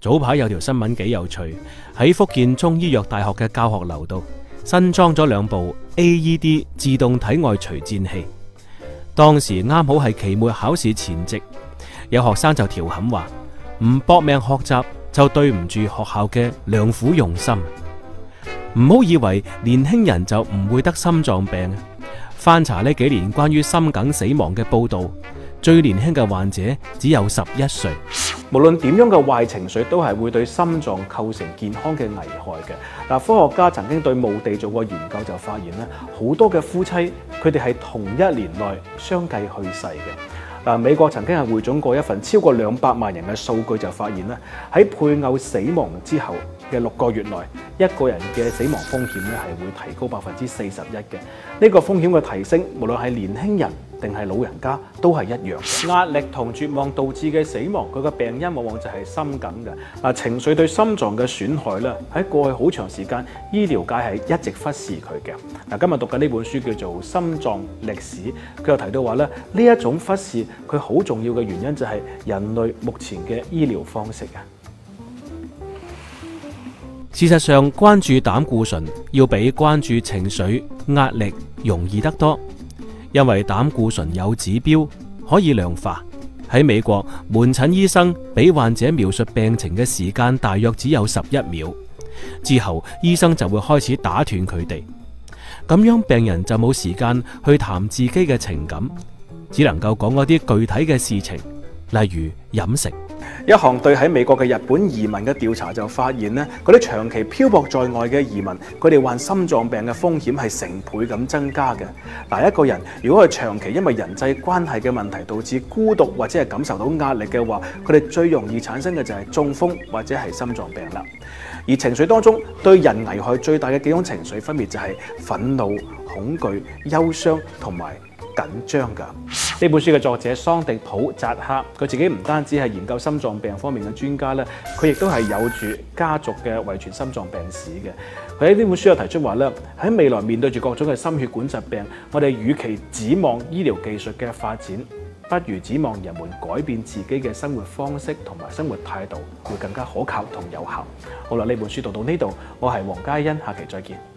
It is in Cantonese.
早排有條新聞幾有趣，喺福建中醫藥大學嘅教學樓度新裝咗兩部 AED 自動體外除顫器。當時啱好係期末考試前夕，有學生就調侃話：唔搏命學習就對唔住學校嘅良苦用心。唔好以為年輕人就唔會得心臟病。翻查呢幾年關於心梗死亡嘅報道。最年輕嘅患者只有十一歲。無論點樣嘅壞情緒都係會對心臟構成健康嘅危害嘅。嗱，科學家曾經對墓地做過研究就發現咧，好多嘅夫妻佢哋係同一年內相繼去世嘅。嗱，美國曾經係匯總過一份超過兩百萬人嘅數據就發現咧，喺配偶死亡之後嘅六個月內，一個人嘅死亡風險咧係會提高百分之四十一嘅。呢個風險嘅提升，無論係年輕人定係老人家都係一樣，壓力同絕望導致嘅死亡，佢嘅病因往往就係心梗嘅。啊，情緒對心臟嘅損害咧，喺過去好長時間，醫療界係一直忽視佢嘅。嗱，今日讀緊呢本書叫做《心臟歷史》，佢又提到話咧，呢一種忽視佢好重要嘅原因就係人類目前嘅醫療方式啊。事實上，關注膽固醇要比關注情緒壓力容易得多。因為膽固醇有指標可以量化，喺美國門診醫生俾患者描述病情嘅時間大約只有十一秒，之後醫生就會開始打斷佢哋，咁樣病人就冇時間去談自己嘅情感，只能夠講一啲具體嘅事情，例如飲食。一項對喺美國嘅日本移民嘅調查就發現咧，嗰啲長期漂泊在外嘅移民，佢哋患心臟病嘅風險係成倍咁增加嘅。嗱，一個人如果佢長期因為人際關係嘅問題導致孤獨或者係感受到壓力嘅話，佢哋最容易產生嘅就係中風或者係心臟病啦。而情緒當中對人危害最大嘅幾種情緒，分別就係憤怒、恐懼、憂傷同埋緊張噶。呢本書嘅作者桑迪普扎克，佢自己唔單止係研究心臟病方面嘅專家咧，佢亦都係有住家族嘅遺傳心臟病史嘅。佢喺呢本書又提出話咧，喺未來面對住各種嘅心血管疾病，我哋與其指望醫療技術嘅發展，不如指望人們改變自己嘅生活方式同埋生活態度，會更加可靠同有效。好啦，呢本書讀到呢度，我係黃嘉欣，下期再見。